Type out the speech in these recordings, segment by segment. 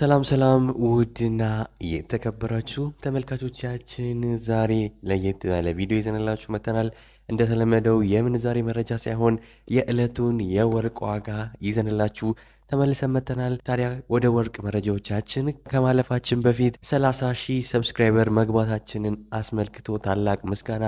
ሰላም ሰላም ውድና የተከበራችሁ ተመልካቾቻችን ዛሬ ለየት ያለ ቪዲዮ ይዘንላችሁ መጥተናል። እንደተለመደው የምንዛሬ መረጃ ሳይሆን የዕለቱን የወርቅ ዋጋ ይዘንላችሁ ተመልሰን መጥተናል። ታዲያ ወደ ወርቅ መረጃዎቻችን ከማለፋችን በፊት 30 ሺህ ሰብስክራይበር መግባታችንን አስመልክቶ ታላቅ ምስጋና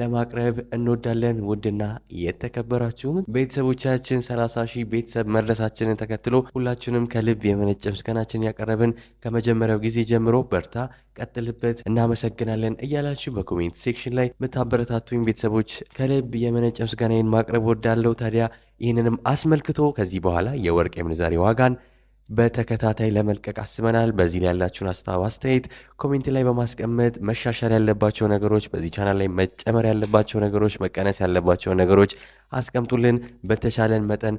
ለማቅረብ እንወዳለን። ውድና የተከበራችሁ ቤተሰቦቻችን ሰላሳ ሺህ ቤተሰብ መድረሳችንን ተከትሎ ሁላችሁንም ከልብ የመነጨ ምስጋናችን ያቀረብን ከመጀመሪያው ጊዜ ጀምሮ በርታ ቀጥልበት፣ እናመሰግናለን እያላችሁ በኮሜንት ሴክሽን ላይ የምታበረታቱኝ ቤተሰቦች ከልብ የመነጨ ምስጋናዬን ማቅረብ ወዳለው። ታዲያ ይህንንም አስመልክቶ ከዚህ በኋላ የወርቅ የምንዛሬ ዋጋን በተከታታይ ለመልቀቅ አስበናል። በዚህ ላይ ያላችሁን አስተባብ አስተያየት ኮሜንት ላይ በማስቀመጥ መሻሻል ያለባቸው ነገሮች፣ በዚህ ቻናል ላይ መጨመር ያለባቸው ነገሮች፣ መቀነስ ያለባቸው ነገሮች አስቀምጡልን። በተቻለን መጠን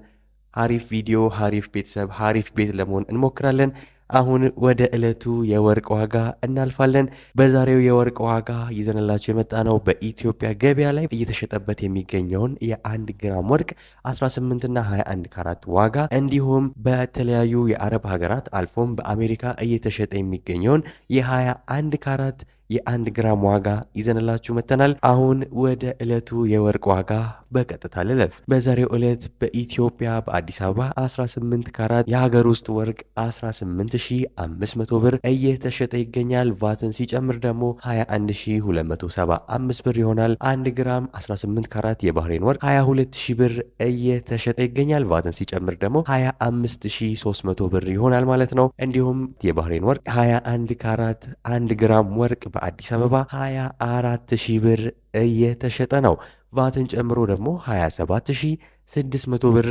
አሪፍ ቪዲዮ፣ አሪፍ ቤተሰብ፣ አሪፍ ቤት ለመሆን እንሞክራለን። አሁን ወደ ዕለቱ የወርቅ ዋጋ እናልፋለን። በዛሬው የወርቅ ዋጋ ይዘንላቸው የመጣ ነው በኢትዮጵያ ገበያ ላይ እየተሸጠበት የሚገኘውን የአንድ ግራም ወርቅ 18ና 21 ካራት ዋጋ እንዲሁም በተለያዩ የአረብ ሀገራት አልፎም በአሜሪካ እየተሸጠ የሚገኘውን የ21 ካራት የአንድ ግራም ዋጋ ይዘንላችሁ መጥተናል። አሁን ወደ ዕለቱ የወርቅ ዋጋ በቀጥታ ልለፍ። በዛሬው ዕለት በኢትዮጵያ በአዲስ አበባ 18 ካራት የሀገር ውስጥ ወርቅ 18500 ብር እየተሸጠ ይገኛል። ቫትን ሲጨምር ደግሞ 21275 ብር ይሆናል። 1 ግራም 18 ካራት የባህሬን ወርቅ 22000 ብር እየተሸጠ ይገኛል። ቫትን ሲጨምር ደግሞ 25300 ብር ይሆናል ማለት ነው። እንዲሁም የባህሬን ወርቅ 21 ካራት 1 ግራም ወርቅ በአዲስ አበባ 24 ሺህ ብር እየተሸጠ ነው። ቫትን ጨምሮ ደግሞ 27600 ብር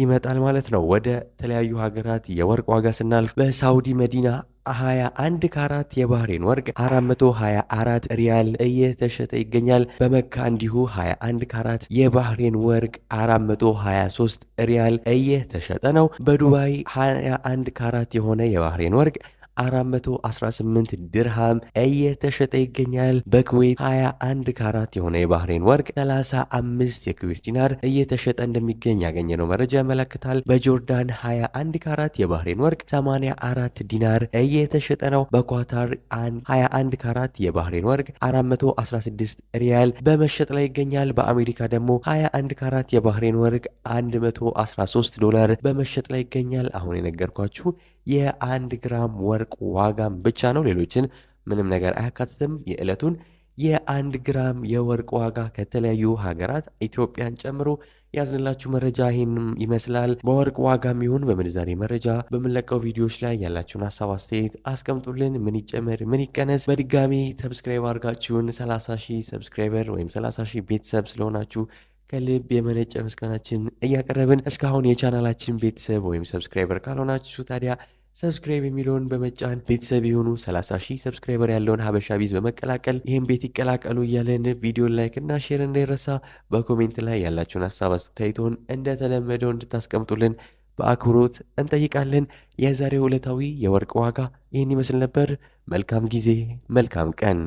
ይመጣል ማለት ነው። ወደ ተለያዩ ሀገራት የወርቅ ዋጋ ስናልፍ በሳውዲ መዲና 21 ካራት የባህሬን ወርቅ 424 ሪያል እየተሸጠ ይገኛል። በመካ እንዲሁ 21 ካራት የባህሬን ወርቅ 423 ሪያል እየተሸጠ ነው። በዱባይ 21 ካራት የሆነ የባህሬን ወርቅ 418 ድርሃም እየተሸጠ ይገኛል። በኩዌት 21 ካራት የሆነ የባህሬን ወርቅ 35 የኩዌት ዲናር እየተሸጠ እንደሚገኝ ያገኘነው መረጃ ያመለክታል። በጆርዳን 21 ካራት የባህሬን ወርቅ 84 ዲናር እየተሸጠ ነው። በኳታር 21 ካራት የባህሬን ወርቅ 416 ሪያል በመሸጥ ላይ ይገኛል። በአሜሪካ ደግሞ 21 ካራት የባህሬን ወርቅ 113 ዶላር በመሸጥ ላይ ይገኛል። አሁን የነገርኳችሁ የአንድ ግራም ወርቅ የወርቅ ዋጋም ብቻ ነው። ሌሎችን ምንም ነገር አያካትትም። የዕለቱን የአንድ ግራም የወርቅ ዋጋ ከተለያዩ ሀገራት ኢትዮጵያን ጨምሮ ያዝንላችሁ መረጃ ይህን ይመስላል። በወርቅ ዋጋም ይሁን በምንዛሬ መረጃ በምንለቀው ቪዲዮዎች ላይ ያላችሁን ሀሳብ አስተያየት አስቀምጡልን። ምን ይጨመር ምን ይቀነስ? በድጋሚ ሰብስክራይብ አድርጋችሁን 30 ሺህ ሰብስክራይበር ወይም 30 ሺህ ቤተሰብ ስለሆናችሁ ከልብ የመነጨ ምስጋናችን እያቀረብን እስካሁን የቻናላችን ቤተሰብ ወይም ሰብስክራይበር ካልሆናችሁ ታዲያ ሰብስክራይብ የሚለውን በመጫን ቤተሰብ የሆኑ 30 ሺህ ሰብስክራይበር ያለውን ሀበሻ ቢዝ በመቀላቀል ይህም ቤት ይቀላቀሉ እያለን ቪዲዮ ላይክ እና ሼር እንዳይረሳ። በኮሜንት ላይ ያላችሁን ሀሳብ አስተያየቶን እንደተለመደው እንድታስቀምጡልን በአክብሮት እንጠይቃለን። የዛሬው ዕለታዊ የወርቅ ዋጋ ይህን ይመስል ነበር። መልካም ጊዜ፣ መልካም ቀን